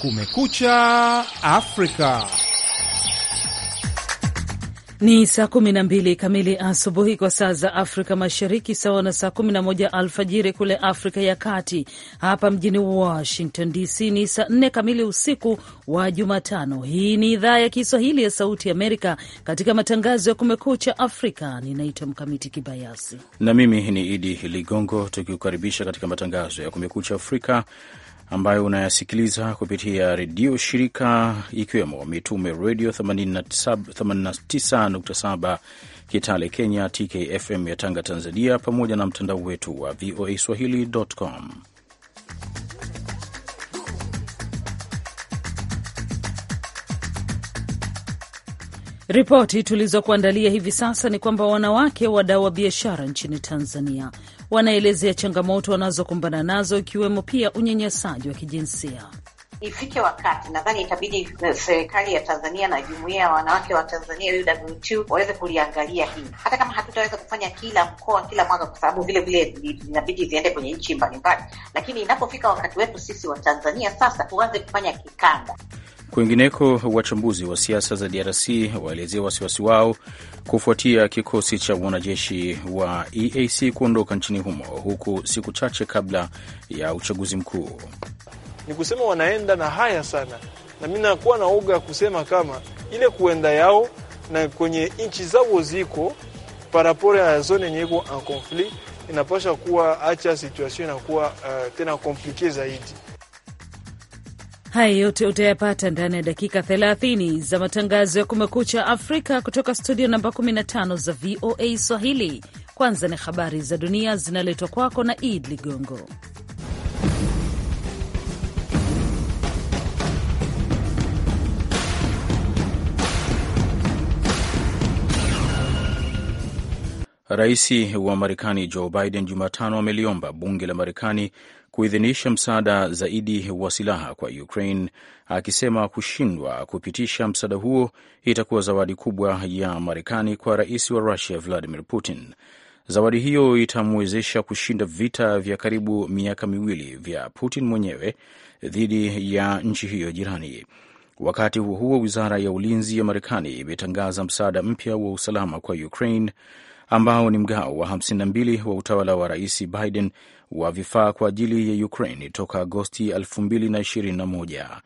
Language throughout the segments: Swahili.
Kumekucha Afrika. Ni saa 12 kamili asubuhi kwa saa za Afrika Mashariki, sawa na saa 11 alfajiri kule Afrika ya Kati. Hapa mjini Washington DC ni saa 4 kamili usiku wa Jumatano. Hii ni idhaa ya Kiswahili ya Sauti Amerika katika matangazo ya Kumekucha Afrika. Ninaitwa Mkamiti Kibayasi na mimi ni Idi Ligongo, tukiukaribisha katika matangazo ya Kumekucha Afrika ambayo unayasikiliza kupitia redio shirika ikiwemo Mitume Redio 89.7 Kitale Kenya, TKFM ya Tanga Tanzania, pamoja na mtandao wetu wa VOA swahili.com. Ripoti tulizokuandalia hivi sasa ni kwamba wanawake wadau wa biashara nchini Tanzania wanaelezea changamoto wanazokumbana nazo ikiwemo pia unyanyasaji wa kijinsia. Ifike wakati nadhani itabidi eh, serikali ya Tanzania na jumuiya ya wanawake wa Tanzania UWT waweze kuliangalia hii, hata kama hatutaweza kufanya kila mkoa kila mwaka, kwa sababu vile vile inabidi ziende kwenye nchi mbalimbali, lakini inapofika wakati wetu sisi wa Tanzania sasa tuanze kufanya kikanda. Kwingineko, wachambuzi wa siasa za DRC waelezea wasiwasi wao kufuatia kikosi cha wanajeshi wa EAC kuondoka nchini humo, huku siku chache kabla ya uchaguzi mkuu. Ni kusema wanaenda na haya sana, na mi nakuwa na uga kusema kama ile kuenda yao na kwenye nchi zao ziko paraporo ya zone yenye iko en conflit inapasha kuwa hacha situation inakuwa uh, tena komplike zaidi Haya yote utayapata ndani ya dakika 30 za matangazo ya Kumekucha Afrika kutoka studio namba 15 za VOA Swahili. Kwanza ni habari za dunia zinaletwa kwako na Id Ligongo. Rais wa Marekani Joe Biden Jumatano ameliomba bunge la Marekani kuidhinisha msaada zaidi wa silaha kwa Ukraine, akisema kushindwa kupitisha msaada huo itakuwa zawadi kubwa ya Marekani kwa rais wa Russia Vladimir Putin. Zawadi hiyo itamwezesha kushinda vita vya karibu miaka miwili vya Putin mwenyewe dhidi ya nchi hiyo jirani. Wakati huo huo, wizara ya ulinzi ya Marekani imetangaza msaada mpya wa usalama kwa Ukraine ambao ni mgao wa 52 wa utawala wa Rais Biden wa vifaa kwa ajili ya Ukraine toka Agosti 2021.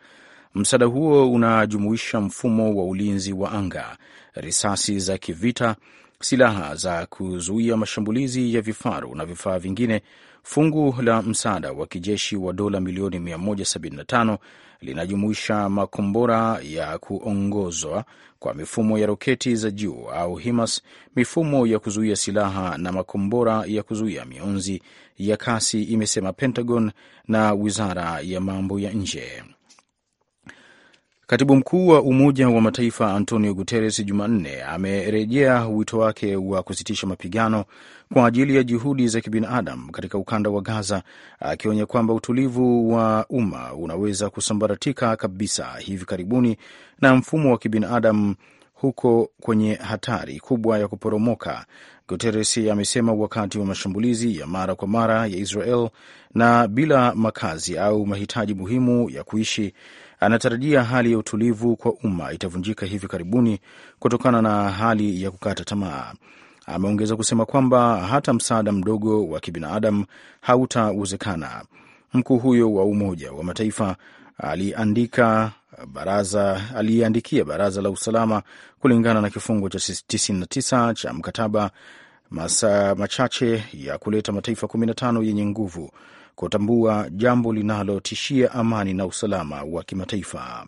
Msaada huo unajumuisha mfumo wa ulinzi wa anga, risasi za kivita, silaha za kuzuia mashambulizi ya vifaru na vifaa vingine Fungu la msaada wa kijeshi wa dola milioni 175 linajumuisha makombora ya kuongozwa kwa mifumo ya roketi za juu au HIMARS, mifumo ya kuzuia silaha na makombora ya kuzuia mionzi ya kasi, imesema Pentagon na wizara ya mambo ya nje. Katibu mkuu wa Umoja wa Mataifa Antonio Guterres Jumanne amerejea wito wake wa kusitisha mapigano kwa ajili ya juhudi za kibinadamu katika ukanda wa Gaza, akionya kwamba utulivu wa umma unaweza kusambaratika kabisa hivi karibuni na mfumo wa kibinadamu huko kwenye hatari kubwa ya kuporomoka. Guterres amesema wakati wa mashambulizi ya mara kwa mara ya Israel na bila makazi au mahitaji muhimu ya kuishi, anatarajia hali ya utulivu kwa umma itavunjika hivi karibuni kutokana na hali ya kukata tamaa. Ameongeza kusema kwamba hata msaada mdogo wa kibinadamu hautawezekana. Mkuu huyo wa Umoja wa Mataifa aliandika baraza baraza la usalama kulingana na kifungu cha 99 cha mkataba masaa machache ya kuleta mataifa 15 yenye nguvu kutambua jambo linalotishia amani na usalama wa kimataifa.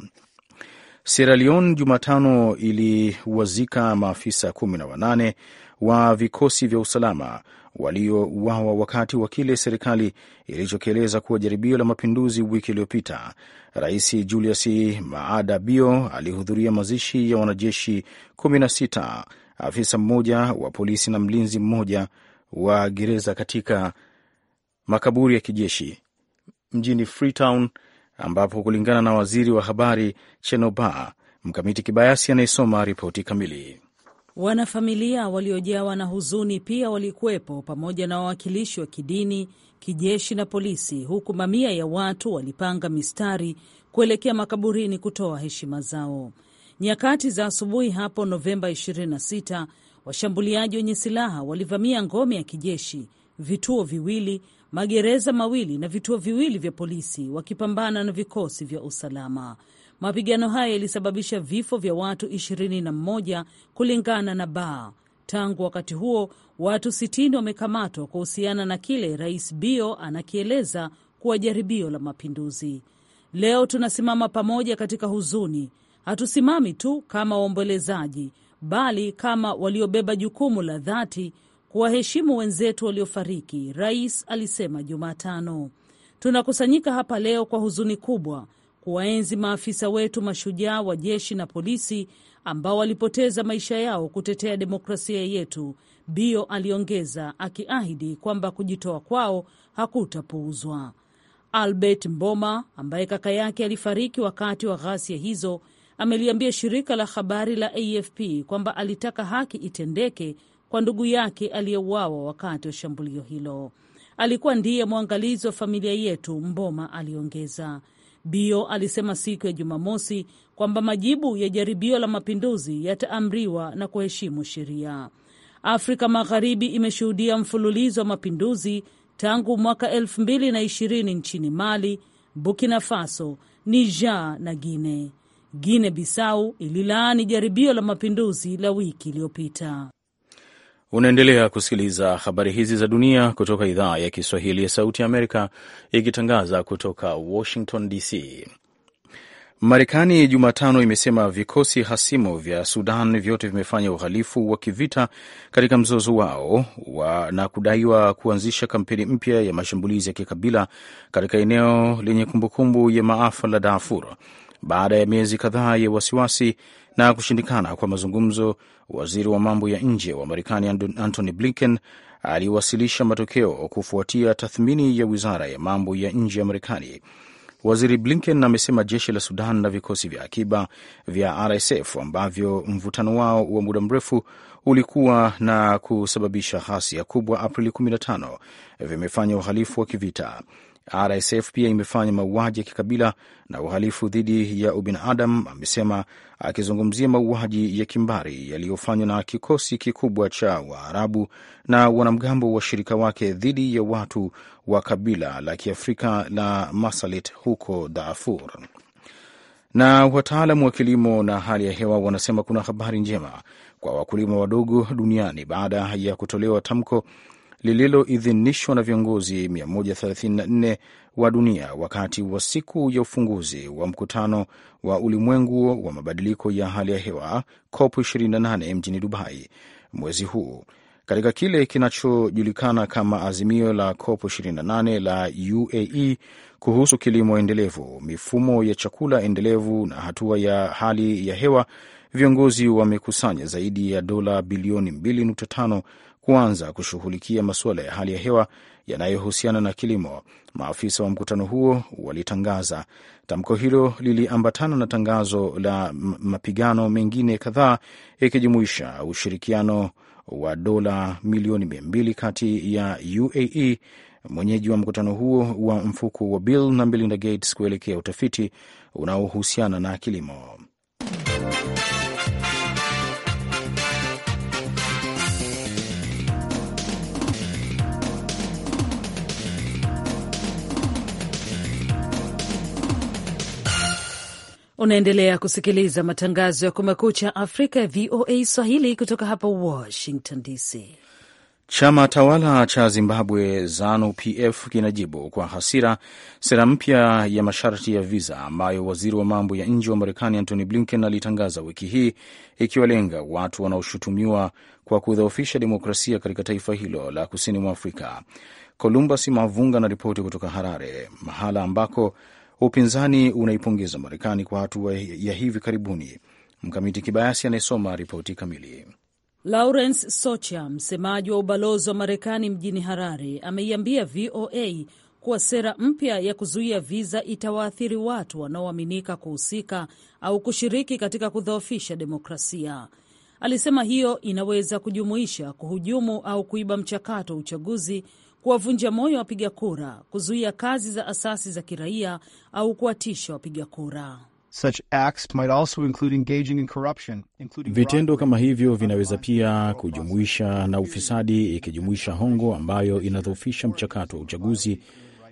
Sierra Leone Jumatano iliwazika maafisa kumi na wanane wa vikosi vya usalama waliouawa wakati wa kile serikali ilichokieleza kuwa jaribio la mapinduzi wiki iliyopita. Rais Julius Maada Bio alihudhuria mazishi ya wanajeshi 16, afisa mmoja wa polisi na mlinzi mmoja wa gereza katika makaburi ya kijeshi mjini Freetown, ambapo kulingana na waziri wa habari Chenoba Mkamiti Kibayasi anayesoma ripoti kamili. Wanafamilia waliojawa na huzuni pia walikuwepo pamoja na wawakilishi wa kidini, kijeshi na polisi, huku mamia ya watu walipanga mistari kuelekea makaburini kutoa heshima zao. Nyakati za asubuhi hapo Novemba 26, washambuliaji wenye silaha walivamia ngome ya kijeshi, vituo viwili, magereza mawili na vituo viwili vya polisi, wakipambana na vikosi vya usalama. Mapigano hayo yalisababisha vifo vya watu 21 kulingana na Ba. Tangu wakati huo watu 60 wamekamatwa kuhusiana na kile Rais Bio anakieleza kuwa jaribio la mapinduzi. Leo tunasimama pamoja katika huzuni. Hatusimami tu kama waombolezaji, bali kama waliobeba jukumu la dhati kuwaheshimu wenzetu waliofariki, rais alisema Jumatano. Tunakusanyika hapa leo kwa huzuni kubwa, kuwaenzi maafisa wetu mashujaa wa jeshi na polisi ambao walipoteza maisha yao kutetea demokrasia yetu, Bio aliongeza, akiahidi kwamba kujitoa kwao hakutapuuzwa. Albert Mboma ambaye kaka yake alifariki wakati wa ghasia hizo ameliambia shirika la habari la AFP kwamba alitaka haki itendeke kwa ndugu yake aliyeuawa wakati wa shambulio hilo. Alikuwa ndiye mwangalizi wa familia yetu, Mboma aliongeza. Bio alisema siku ya Jumamosi kwamba majibu ya jaribio la mapinduzi yataamriwa na kuheshimu sheria. Afrika Magharibi imeshuhudia mfululizo wa mapinduzi tangu mwaka 220 nchini Mali, Burkina Faso, Niger na Guine. Guine Bisau ililaani jaribio la mapinduzi la wiki iliyopita. Unaendelea kusikiliza habari hizi za dunia kutoka idhaa ya Kiswahili ya Sauti ya Amerika ikitangaza kutoka Washington DC. Marekani Jumatano imesema vikosi hasimu vya Sudan vyote vimefanya uhalifu wa kivita katika mzozo wao wa na kudaiwa kuanzisha kampeni mpya ya mashambulizi ya kikabila katika eneo lenye kumbukumbu ya maafa la Darfur baada ya miezi kadhaa ya wasiwasi na kushindikana kwa mazungumzo waziri wa mambo ya nje wa Marekani Antony Blinken aliwasilisha matokeo kufuatia tathmini ya wizara ya mambo ya nje ya Marekani. Waziri Blinken amesema jeshi la Sudan na vikosi vya akiba vya RSF ambavyo mvutano wao wa muda mrefu ulikuwa na kusababisha ghasia kubwa Aprili 15 vimefanya uhalifu wa kivita. RSF pia imefanya mauaji ya kikabila na uhalifu dhidi ya ubinadamu, amesema akizungumzia mauaji ya kimbari yaliyofanywa na kikosi kikubwa cha Waarabu na wanamgambo washirika wake dhidi ya watu wa kabila la Kiafrika la Masalit huko Darfur. Na wataalamu wa kilimo na hali ya hewa wanasema kuna habari njema kwa wakulima wadogo duniani baada ya kutolewa tamko lililoidhinishwa na viongozi 134 wa dunia wakati wa siku ya ufunguzi wa mkutano wa ulimwengu wa mabadiliko ya hali ya hewa COP 28 mjini Dubai mwezi huu. Katika kile kinachojulikana kama azimio la COP 28 la UAE kuhusu kilimo endelevu, mifumo ya chakula endelevu na hatua ya hali ya hewa viongozi wamekusanya zaidi ya dola bilioni 2.5 kuanza kushughulikia masuala ya hali ya hewa yanayohusiana na kilimo. Maafisa wa mkutano huo walitangaza tamko hilo, liliambatana na tangazo la mapigano mengine kadhaa yakijumuisha ushirikiano wa dola milioni 200 kati ya UAE mwenyeji wa mkutano huo wa mfuko wa Bill na Melinda Gates kuelekea utafiti unaohusiana na kilimo. Unaendelea kusikiliza matangazo ya Kumekucha Afrika ya VOA Swahili kutoka hapa Washington DC. Chama tawala cha Zimbabwe ZANU PF kinajibu kwa hasira sera mpya ya masharti ya viza ambayo waziri wa mambo ya nje wa Marekani Antony Blinken alitangaza wiki hii, ikiwalenga watu wanaoshutumiwa kwa kudhoofisha demokrasia katika taifa hilo la kusini mwa Afrika. Columbus Mavunga anaripoti kutoka Harare, mahala ambako Upinzani unaipongeza Marekani kwa hatua ya hivi karibuni. Mkamiti Kibayasi anayesoma ripoti kamili. Lawrence Socha, msemaji wa ubalozi wa Marekani mjini Harare, ameiambia VOA kuwa sera mpya ya kuzuia viza itawaathiri watu wanaoaminika kuhusika au kushiriki katika kudhoofisha demokrasia. Alisema hiyo inaweza kujumuisha kuhujumu au kuiba mchakato wa uchaguzi kuwavunja moyo wapiga kura, kuzuia kazi za asasi za kiraia au kuwatisha wapiga kura. Such acts might also include engaging in corruption, including vitendo kama hivyo vinaweza pia kujumuisha na ufisadi, ikijumuisha hongo ambayo inadhoofisha mchakato wa uchaguzi,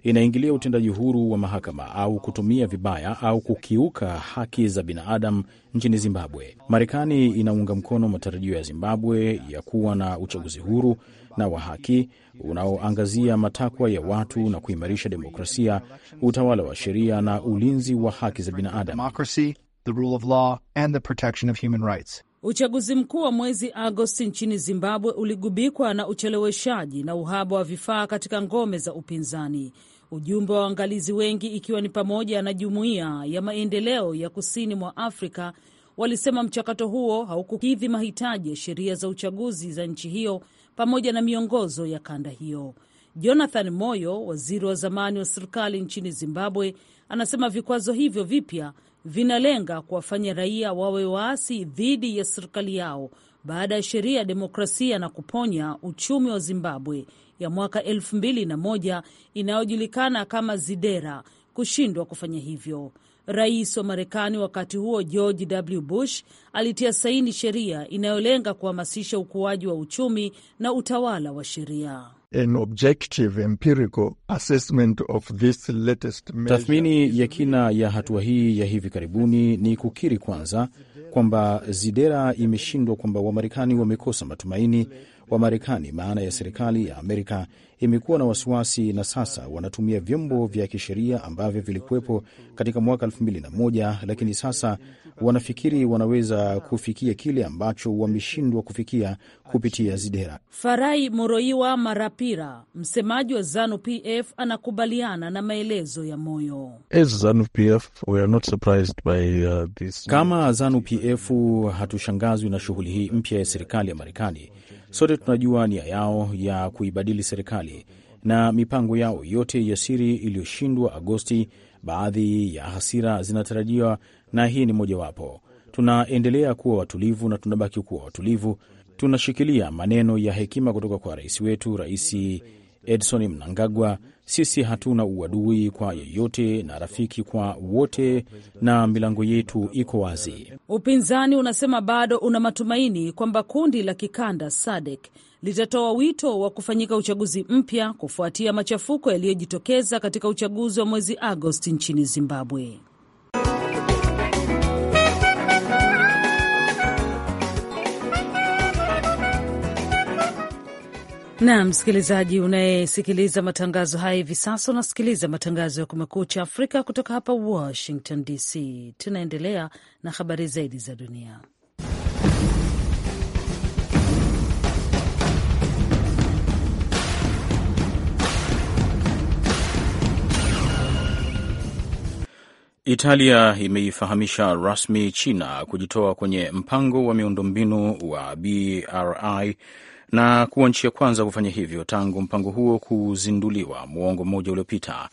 inaingilia utendaji huru wa mahakama au kutumia vibaya au kukiuka haki za binadamu nchini Zimbabwe. Marekani inaunga mkono matarajio ya Zimbabwe ya kuwa na uchaguzi huru na wa haki unaoangazia matakwa ya watu na kuimarisha demokrasia, utawala wa sheria na ulinzi wa haki za binadamu. Uchaguzi mkuu wa mwezi Agosti nchini Zimbabwe uligubikwa na ucheleweshaji na uhaba wa vifaa katika ngome za upinzani. Ujumbe wa waangalizi wengi ikiwa ni pamoja na Jumuiya ya Maendeleo ya Kusini mwa Afrika walisema mchakato huo haukukidhi mahitaji ya sheria za uchaguzi za nchi hiyo pamoja na miongozo ya kanda hiyo. Jonathan Moyo, waziri wa zamani wa serikali nchini Zimbabwe, anasema vikwazo hivyo vipya vinalenga kuwafanya raia wawe waasi dhidi ya serikali yao baada ya sheria ya demokrasia na kuponya uchumi wa Zimbabwe ya mwaka elfu inayojulikana kama ZIDERA kushindwa kufanya hivyo. Rais wa Marekani wakati huo George W. Bush alitia saini sheria inayolenga kuhamasisha ukuaji wa uchumi na utawala wa sheria. Tathmini ya kina ya hatua hii ya hivi karibuni ni kukiri kwanza kwamba ZIDERA imeshindwa, kwamba Wamarekani wamekosa matumaini wa Marekani, maana ya serikali ya Amerika imekuwa na wasiwasi na sasa wanatumia vyombo vya kisheria ambavyo vilikuwepo katika mwaka 2001 lakini sasa wanafikiri wanaweza kufikia kile ambacho wameshindwa kufikia kupitia ZIDERA. Farai Moroiwa Marapira, msemaji wa ZANU PF, anakubaliana na maelezo ya Moyo. As ZANU PF, we are not surprised by, uh, this... kama ZANU PF hatushangazwi na shughuli hii mpya ya serikali ya Marekani Sote tunajua nia yao ya kuibadili serikali na mipango yao yote ya siri iliyoshindwa Agosti. Baadhi ya hasira zinatarajiwa na hii ni mojawapo. Tunaendelea kuwa watulivu na tunabaki kuwa watulivu. Tunashikilia maneno ya hekima kutoka kwa rais wetu, Rais Edson Mnangagwa, sisi hatuna uadui kwa yeyote na rafiki kwa wote, na milango yetu iko wazi. Upinzani unasema bado una matumaini kwamba kundi la kikanda SADC litatoa wito wa kufanyika uchaguzi mpya kufuatia machafuko yaliyojitokeza katika uchaguzi wa mwezi Agosti nchini Zimbabwe. na msikilizaji unayesikiliza matangazo haya hivi sasa, unasikiliza matangazo ya Kumekucha Afrika kutoka hapa Washington DC. Tunaendelea na habari zaidi za dunia. Italia imeifahamisha rasmi China kujitoa kwenye mpango wa miundombinu wa BRI na kuwa nchi ya kwanza kufanya hivyo tangu mpango huo kuzinduliwa muongo mmoja uliopita.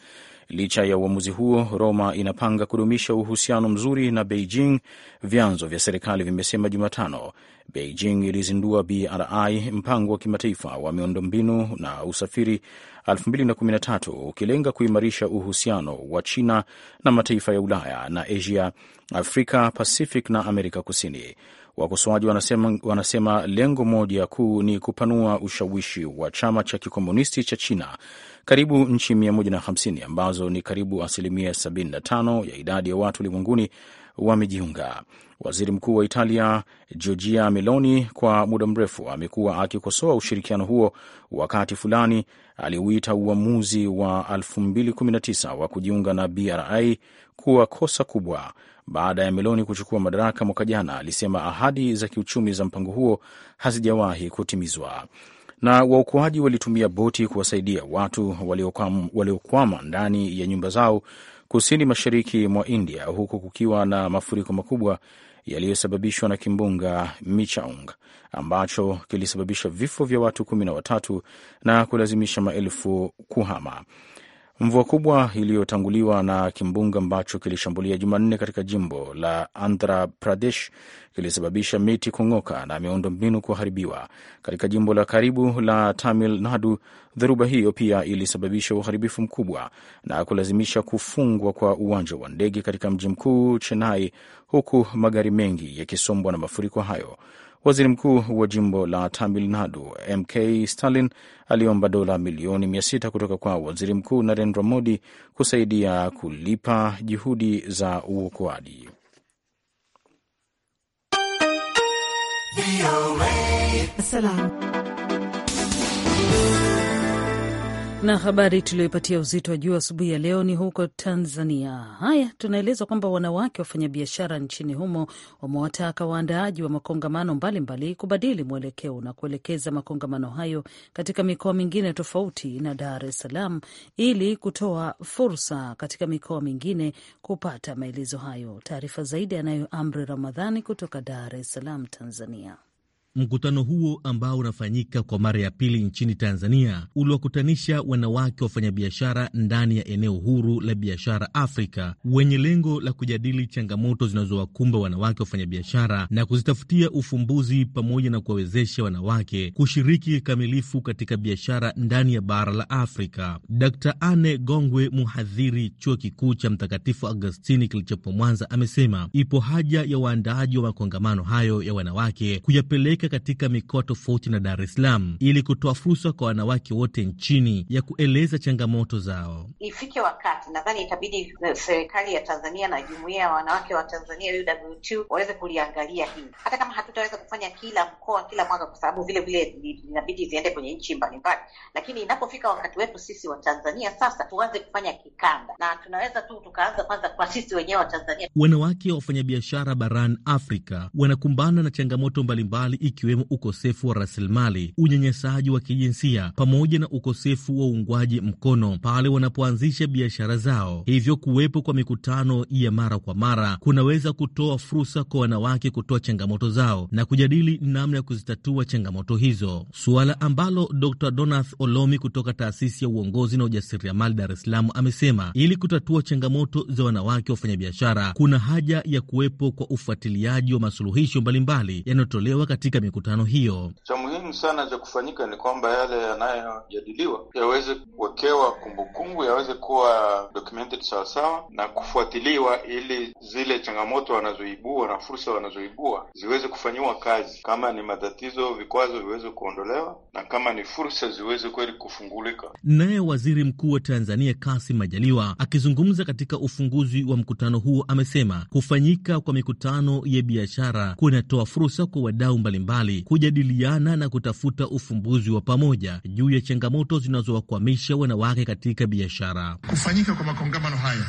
Licha ya uamuzi huo, Roma inapanga kudumisha uhusiano mzuri na Beijing, vyanzo vya serikali vimesema Jumatano. Beijing ilizindua BRI, mpango wa kimataifa wa miundombinu na usafiri 2013 ukilenga kuimarisha uhusiano wa China na mataifa ya Ulaya na Asia, Afrika, Pacific na Amerika Kusini. Wakosoaji wanasema, wanasema lengo moja kuu ni kupanua ushawishi wa chama cha kikomunisti cha China karibu nchi 150 ambazo ni karibu asilimia 75 ya idadi ya watu ulimwenguni wamejiunga. Waziri Mkuu wa Italia Giorgia Meloni kwa muda mrefu amekuwa akikosoa ushirikiano huo. Wakati fulani aliuita uamuzi wa 2019 wa kujiunga na BRI kuwa kosa kubwa baada ya Meloni kuchukua madaraka mwaka jana, alisema ahadi za kiuchumi za mpango huo hazijawahi kutimizwa. Na waokoaji walitumia boti kuwasaidia watu waliokwama ndani ya nyumba zao kusini mashariki mwa India, huku kukiwa na mafuriko makubwa yaliyosababishwa na kimbunga Michaung ambacho kilisababisha vifo vya watu kumi na watatu na kulazimisha maelfu kuhama. Mvua kubwa iliyotanguliwa na kimbunga ambacho kilishambulia Jumanne katika jimbo la Andhra Pradesh kilisababisha miti kung'oka na miundo mbinu kuharibiwa. Katika jimbo la karibu la Tamil Nadu, dhoruba hiyo pia ilisababisha uharibifu mkubwa na kulazimisha kufungwa kwa uwanja wa ndege katika mji mkuu Chennai, huku magari mengi yakisombwa na mafuriko hayo. Waziri mkuu wa jimbo la Tamil Nadu MK Stalin aliomba dola milioni sita kutoka kwa waziri mkuu Narendra Modi kusaidia kulipa juhudi za uokoaji. Salam. Na habari tuliyoipatia uzito wa juu asubuhi ya leo ni huko Tanzania. Haya, tunaelezwa kwamba wanawake wafanyabiashara nchini humo wamewataka waandaaji wa makongamano mbalimbali kubadili mwelekeo na kuelekeza makongamano hayo katika mikoa mingine tofauti na Dar es Salaam ili kutoa fursa katika mikoa mingine kupata maelezo hayo. Taarifa zaidi anayo Amri Ramadhani kutoka Dar es Salaam, Tanzania. Mkutano huo ambao unafanyika kwa mara ya pili nchini Tanzania uliwakutanisha wanawake wafanyabiashara ndani ya eneo huru la biashara Afrika wenye lengo la kujadili changamoto zinazowakumba wanawake wafanyabiashara na kuzitafutia ufumbuzi pamoja na kuwawezesha wanawake kushiriki kikamilifu katika biashara ndani ya bara la Afrika. Dr. Anne Gongwe, mhadhiri chuo kikuu cha Mtakatifu Agostini kilichopo Mwanza, amesema ipo haja ya waandaaji wa makongamano hayo ya wanawake kuyapeleka kuweka katika mikoa tofauti na Dar es Salaam ili kutoa fursa kwa wanawake wote nchini ya kueleza changamoto zao. Ifike wakati nadhani itabidi eh, serikali ya Tanzania na jumuia ya wanawake wa Tanzania UWT waweze kuliangalia hili, hata kama hatutaweza kufanya kila mkoa kila mwaka, kwa sababu vile vile inabidi ziende kwenye nchi mbalimbali, lakini inapofika wakati wetu sisi wa Tanzania sasa tuanze kufanya kikanda, na tunaweza tu tukaanza kwanza kwa sisi wenyewe wa Tanzania. Wanawake wafanyabiashara barani Afrika wanakumbana na changamoto mbalimbali ikiwemo ukosefu wa rasilimali, unyanyasaji wa kijinsia, pamoja na ukosefu wa uungwaji mkono pale wanapoanzisha biashara zao. Hivyo kuwepo kwa mikutano ya mara kwa mara kunaweza kutoa fursa kwa wanawake kutoa changamoto zao na kujadili namna ya kuzitatua changamoto hizo, suala ambalo Dr. Donath Olomi kutoka taasisi ya uongozi na ujasiriamali Dar es Salaam amesema ili kutatua changamoto za wanawake wafanyabiashara kuna haja ya kuwepo kwa ufuatiliaji wa masuluhisho mbalimbali yanayotolewa katika mikutano hiyo. Cha muhimu sana cha kufanyika ni kwamba yale yanayojadiliwa yaweze kuwekewa kumbukumbu, yaweze kuwa documented sawasawa na kufuatiliwa, ili zile changamoto wanazoibua na fursa wanazoibua ziweze kufanyiwa kazi. Kama ni matatizo, vikwazo viweze kuondolewa, na kama ni fursa ziweze kweli kufungulika. Naye Waziri Mkuu wa Tanzania Kassim Majaliwa akizungumza katika ufunguzi wa mkutano huo amesema kufanyika kwa mikutano ya biashara kunatoa fursa kwa wadau mbalimbali mbalimbali kujadiliana na kutafuta ufumbuzi wa pamoja juu ya changamoto zinazowakwamisha wanawake katika biashara. Kufanyika kwa makongamano haya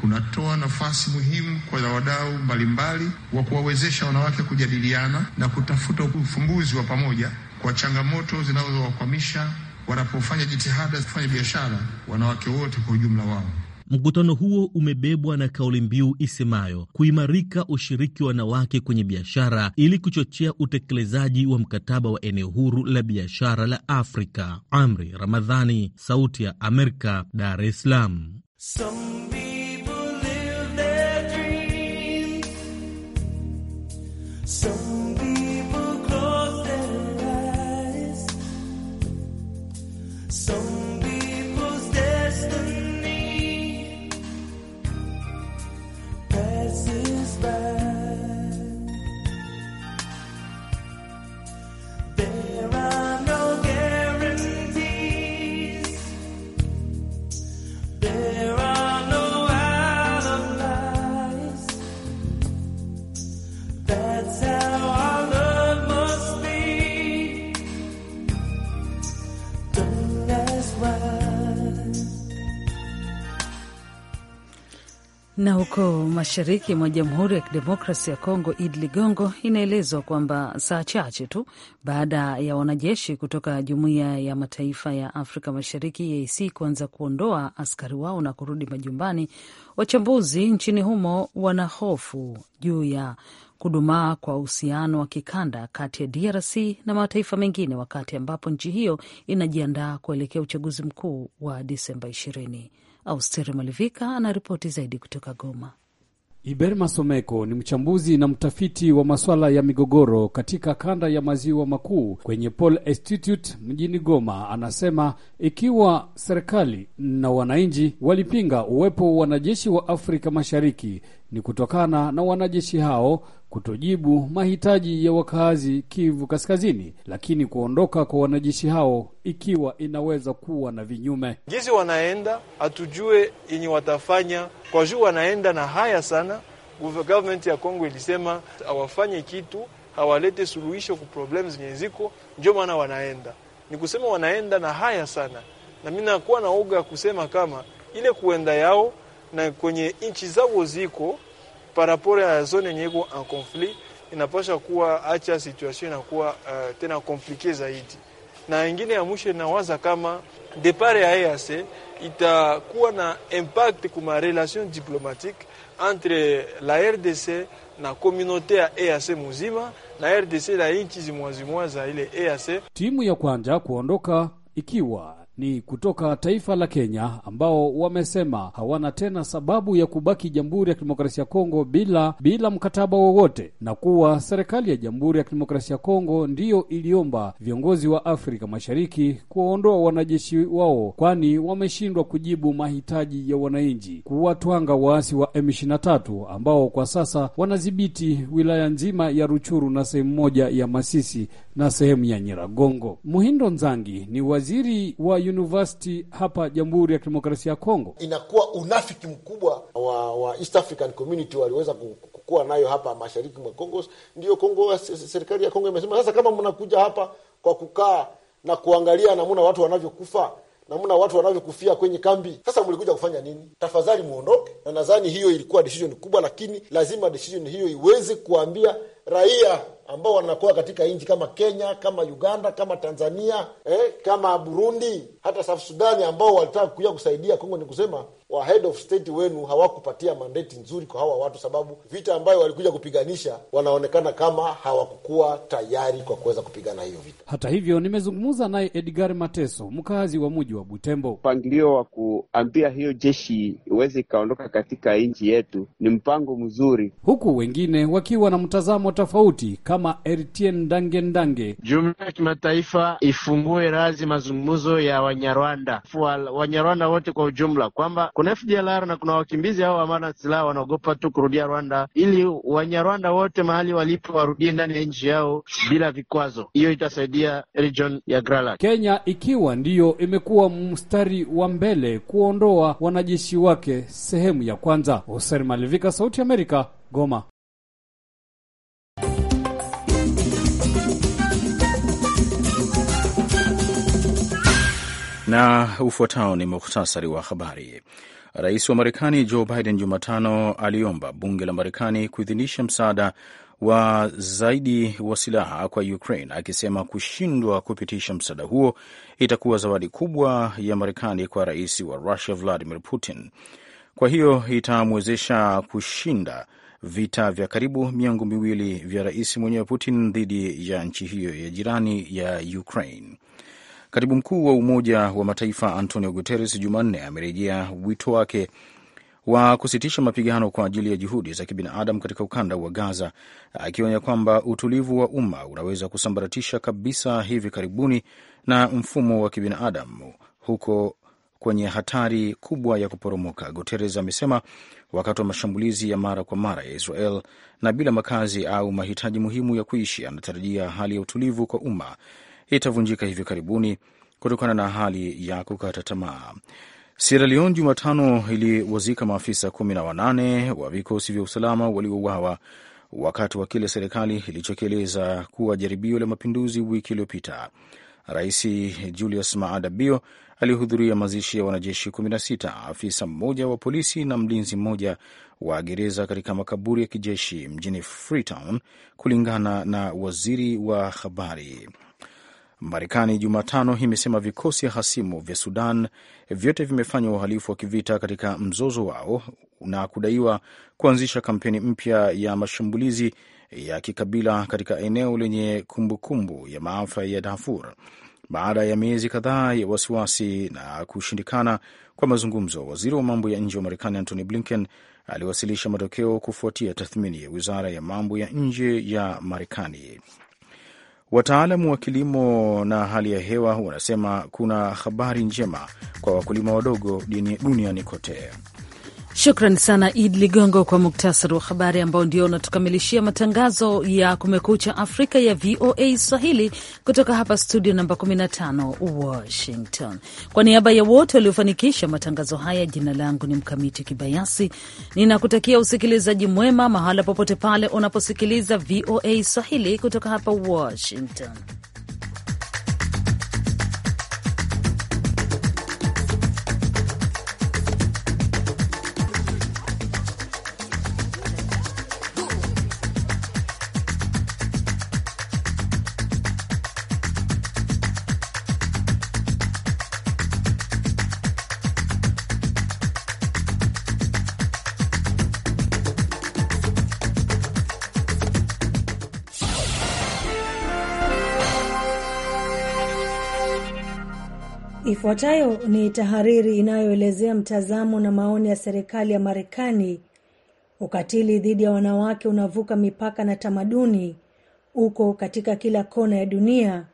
kunatoa nafasi muhimu kwa wadau mbalimbali wa kuwawezesha wanawake kujadiliana na kutafuta ufumbuzi wa pamoja kwa changamoto zinazowakwamisha wanapofanya jitihada za kufanya biashara wanawake wote kwa ujumla wao. Mkutano huo umebebwa na kauli mbiu isemayo kuimarika ushiriki wa wanawake kwenye biashara ili kuchochea utekelezaji wa mkataba wa eneo huru la biashara la Afrika. Amri Ramadhani, Sauti ya Amerika, Dar es Salaam. So Na huko mashariki mwa Jamhuri ya Kidemokrasi ya Kongo, Id Ligongo, inaelezwa kwamba saa chache tu baada ya wanajeshi kutoka Jumuiya ya Mataifa ya Afrika Mashariki EAC kuanza kuondoa askari wao na kurudi majumbani, wachambuzi nchini humo wana hofu juu ya kudumaa kwa uhusiano wa kikanda kati ya DRC na mataifa mengine, wakati ambapo nchi hiyo inajiandaa kuelekea uchaguzi mkuu wa Disemba ishirini. Austeri Malivika anaripoti zaidi kutoka Goma. Iber Masomeko ni mchambuzi na mtafiti wa masuala ya migogoro katika kanda ya maziwa makuu kwenye Paul Institute mjini Goma. Anasema ikiwa serikali na wananchi walipinga uwepo wa wanajeshi wa Afrika Mashariki ni kutokana na wanajeshi hao kutojibu mahitaji ya wakazi Kivu Kaskazini, lakini kuondoka kwa wanajeshi hao ikiwa inaweza kuwa na vinyume gizi wanaenda hatujue yenye watafanya kwa juu wanaenda na haya sana. Government ya Kongo ilisema hawafanye kitu, hawalete suluhisho ku problem zenye ziko, ndio maana wanaenda. Ni kusema wanaenda na haya sana, na mimi nakuwa na uga kusema kama ile kuenda yao na kwenye nchi zao ziko parapor ya zone yenye iko en conflit inapasha kuwa acha situation inakuwa uh, tena komplike zaidi. Na ingine ya mwisho inawaza kama depart ya EAC itakuwa na impact kuma relation diplomatique entre la RDC na komunote ya EAC muzima na RDC na inchi zimwazimwa za ile EAC. Timu ya kwanja kuondoka ikiwa ni kutoka taifa la Kenya ambao wamesema hawana tena sababu ya kubaki Jamhuri ya Kidemokrasia ya Kongo bila bila mkataba wowote, na kuwa serikali ya Jamhuri ya Kidemokrasia ya Kongo ndiyo iliomba viongozi wa Afrika Mashariki kuwaondoa wanajeshi wao, kwani wameshindwa kujibu mahitaji ya wananchi, kuwatwanga waasi wa M23 ambao kwa sasa wanadhibiti wilaya nzima ya Ruchuru na sehemu moja ya Masisi na sehemu ya Nyiragongo. Muhindo Nzangi ni waziri wa University hapa Jamhuri ya Kidemokrasia ya Kongo. Inakuwa unafiki mkubwa wa, wa East African Community waliweza kukuwa nayo hapa mashariki mwa Kongo. Ndiyo Kongo, serikali ya Kongo imesema sasa, kama mnakuja hapa kwa kukaa na kuangalia namuna watu wanavyokufa namna watu wanavyokufia kwenye kambi. Sasa mlikuja kufanya nini? Tafadhali muondoke. Na nadhani hiyo ilikuwa decision kubwa, lakini lazima decision hiyo iweze kuambia raia ambao wanakuwa katika nchi kama Kenya, kama Uganda, kama Tanzania eh, kama Burundi, hata South Sudani ambao walitaka kuja kusaidia Kongo, ni kusema wa head of state wenu hawakupatia mandeti nzuri kwa hawa watu, sababu vita ambayo walikuja kupiganisha wanaonekana kama hawakukuwa tayari kwa kuweza kupigana hiyo vita. Hata hivyo, nimezungumza naye Edgar Mateso, mkazi wa muji wa Butembo. Mpangilio wa kuambia hiyo jeshi iweze ikaondoka katika nchi yetu ni mpango mzuri, huku wengine wakiwa na mtazamo tofauti kama RTN Dange Ndange. Jumuiya ya kimataifa ifungue razi mazungumzo ya Wanyarwanda, Wanyarwanda wote kwa ujumla kwamba kuna FDLR na kuna wakimbizi hao hawana silaha, wanaogopa tu kurudia Rwanda, ili Wanyarwanda wote mahali walipo warudie ndani ya nchi yao bila vikwazo. Hiyo itasaidia region ya Grala. Kenya ikiwa ndiyo imekuwa mstari wa mbele kuondoa wanajeshi wake sehemu ya kwanza. Hosen Malivika, Sauti Amerika, Goma. na ufuatao ni muhtasari wa habari. Rais wa Marekani Joe Biden Jumatano aliomba bunge la Marekani kuidhinisha msaada wa zaidi wa silaha kwa Ukraine, akisema kushindwa kupitisha msaada huo itakuwa zawadi kubwa ya Marekani kwa rais wa Russia Vladimir Putin. Kwa hiyo itamwezesha kushinda vita vya karibu miongo miwili vya rais mwenyewe Putin dhidi ya nchi hiyo ya jirani ya Ukraine. Katibu mkuu wa Umoja wa Mataifa Antonio Guterres Jumanne amerejea wito wake wa kusitisha mapigano kwa ajili ya juhudi za kibinadamu katika ukanda wa Gaza, akionya kwamba utulivu wa umma unaweza kusambaratisha kabisa hivi karibuni na mfumo wa kibinadamu huko kwenye hatari kubwa ya kuporomoka. Guterres amesema wakati wa mashambulizi ya mara kwa mara ya Israel na bila makazi au mahitaji muhimu ya kuishi, anatarajia hali ya utulivu kwa umma itavunjika hivi karibuni kutokana na hali ya kukata tamaa. Sierra Leone Jumatano iliwazika maafisa kumi na wanane wa vikosi vya usalama waliouawa wakati wa kile serikali ilichokieleza kuwa jaribio la mapinduzi wiki iliyopita. Rais Julius Maada Bio alihudhuria mazishi ya wanajeshi 16, afisa mmoja wa polisi na mlinzi mmoja wa gereza katika makaburi ya kijeshi mjini Freetown, kulingana na waziri wa habari. Marekani Jumatano imesema vikosi hasimu vya Sudan vyote vimefanya uhalifu wa kivita katika mzozo wao na kudaiwa kuanzisha kampeni mpya ya mashambulizi ya kikabila katika eneo lenye kumbukumbu kumbu ya maafa ya Darfur baada ya miezi kadhaa ya wasiwasi na kushindikana kwa mazungumzo. Waziri wa mambo ya nje wa Marekani Antony Blinken aliwasilisha matokeo kufuatia tathmini ya wizara ya mambo ya nje ya Marekani. Wataalamu wa kilimo na hali ya hewa wanasema kuna habari njema kwa wakulima wadogo duniani kote. Shukran sana Id Ligongo kwa muktasari wa habari ambao ndio unatukamilishia matangazo ya Kumekucha Afrika ya VOA Swahili kutoka hapa studio namba 15 Washington. Kwa niaba ya wote waliofanikisha matangazo haya, jina langu ni Mkamiti Kibayasi, ninakutakia usikilizaji mwema mahala popote pale unaposikiliza VOA Swahili kutoka hapa Washington. Ifuatayo ni tahariri inayoelezea mtazamo na maoni ya serikali ya Marekani. Ukatili dhidi ya wanawake unavuka mipaka na tamaduni, uko katika kila kona ya dunia.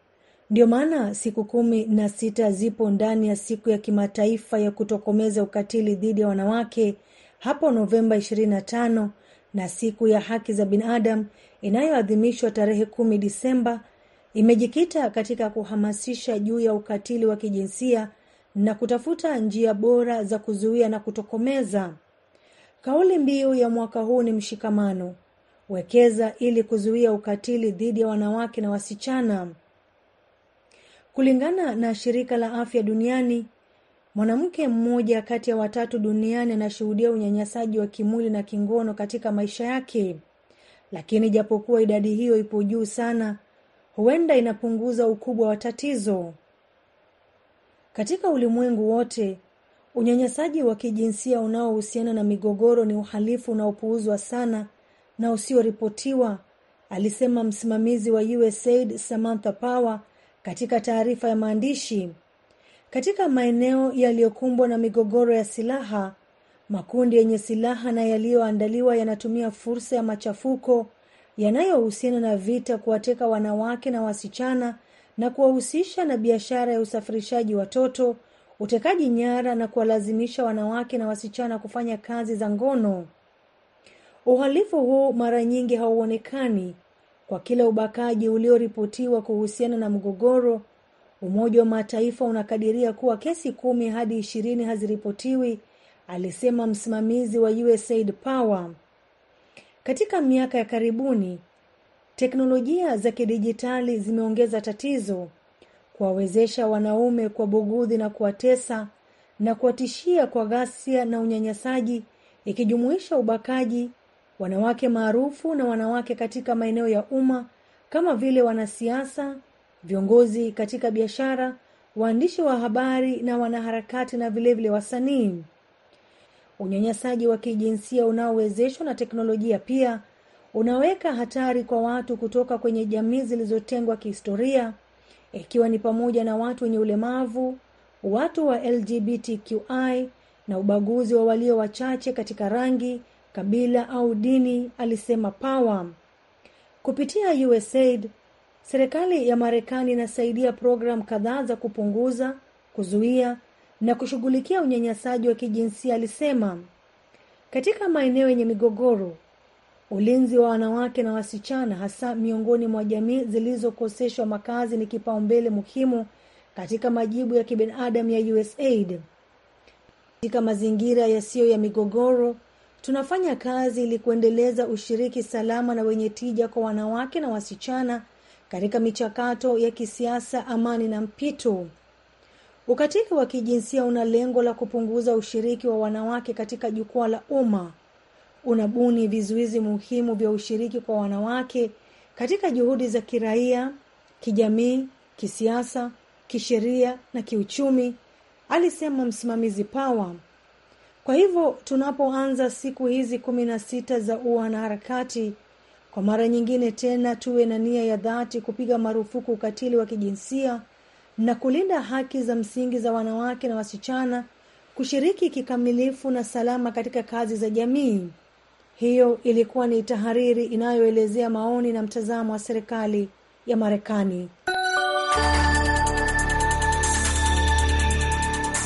Ndio maana siku kumi na sita zipo ndani ya siku ya kimataifa ya kutokomeza ukatili dhidi ya wanawake hapo Novemba 25 na siku ya haki za binadamu inayoadhimishwa tarehe kumi Disemba imejikita katika kuhamasisha juu ya ukatili wa kijinsia na kutafuta njia bora za kuzuia na kutokomeza. Kauli mbiu ya mwaka huu ni mshikamano, wekeza ili kuzuia ukatili dhidi ya wanawake na wasichana. Kulingana na shirika la afya duniani, mwanamke mmoja kati ya watatu duniani anashuhudia unyanyasaji wa kimwili na kingono katika maisha yake. Lakini japokuwa idadi hiyo ipo juu sana, huenda inapunguza ukubwa wa tatizo. Katika ulimwengu wote, unyanyasaji wa kijinsia unaohusiana na migogoro ni uhalifu unaopuuzwa sana na usioripotiwa, alisema msimamizi wa USAID Samantha Power katika taarifa ya maandishi. Katika maeneo yaliyokumbwa na migogoro ya silaha, makundi yenye silaha na yaliyoandaliwa yanatumia fursa ya machafuko yanayohusiana na vita kuwateka wanawake na wasichana na kuwahusisha na biashara ya usafirishaji watoto, utekaji nyara na kuwalazimisha wanawake na wasichana kufanya kazi za ngono. Uhalifu huu mara nyingi hauonekani kwa kila ubakaji ulioripotiwa kuhusiana na mgogoro. Umoja wa Mataifa unakadiria kuwa kesi kumi hadi ishirini haziripotiwi, alisema msimamizi wa USAID Power. Katika miaka ya karibuni, teknolojia za kidijitali zimeongeza tatizo kuwawezesha wanaume kwa bugudhi na kuwatesa na kuwatishia kwa ghasia na unyanyasaji ikijumuisha ubakaji, wanawake maarufu na wanawake katika maeneo ya umma kama vile wanasiasa, viongozi katika biashara, waandishi wa habari na wanaharakati na vilevile wasanii. Unyanyasaji wa kijinsia unaowezeshwa na teknolojia pia unaweka hatari kwa watu kutoka kwenye jamii zilizotengwa kihistoria, ikiwa ni pamoja na watu wenye ulemavu, watu wa LGBTQI na ubaguzi wa walio wachache katika rangi, kabila au dini, alisema Power. Kupitia USAID, serikali ya Marekani inasaidia programu kadhaa za kupunguza, kuzuia na kushughulikia unyanyasaji wa kijinsia alisema katika maeneo yenye migogoro, ulinzi wa wanawake na wasichana, hasa miongoni mwa jamii zilizokoseshwa makazi, ni kipaumbele muhimu katika majibu ya kibinadamu ya USAID. Katika mazingira yasiyo ya migogoro, tunafanya kazi ili kuendeleza ushiriki salama na wenye tija kwa wanawake na wasichana katika michakato ya kisiasa, amani na mpito. Ukatili wa kijinsia una lengo la kupunguza ushiriki wa wanawake katika jukwaa la umma, unabuni vizuizi muhimu vya ushiriki kwa wanawake katika juhudi za kiraia, kijamii, kisiasa, kisheria na kiuchumi, alisema msimamizi Pawa. Kwa hivyo tunapoanza siku hizi kumi na sita za uanaharakati, kwa mara nyingine tena tuwe na nia ya dhati kupiga marufuku ukatili wa kijinsia na kulinda haki za msingi za wanawake na wasichana kushiriki kikamilifu na salama katika kazi za jamii. Hiyo ilikuwa ni tahariri inayoelezea maoni na mtazamo wa serikali ya Marekani.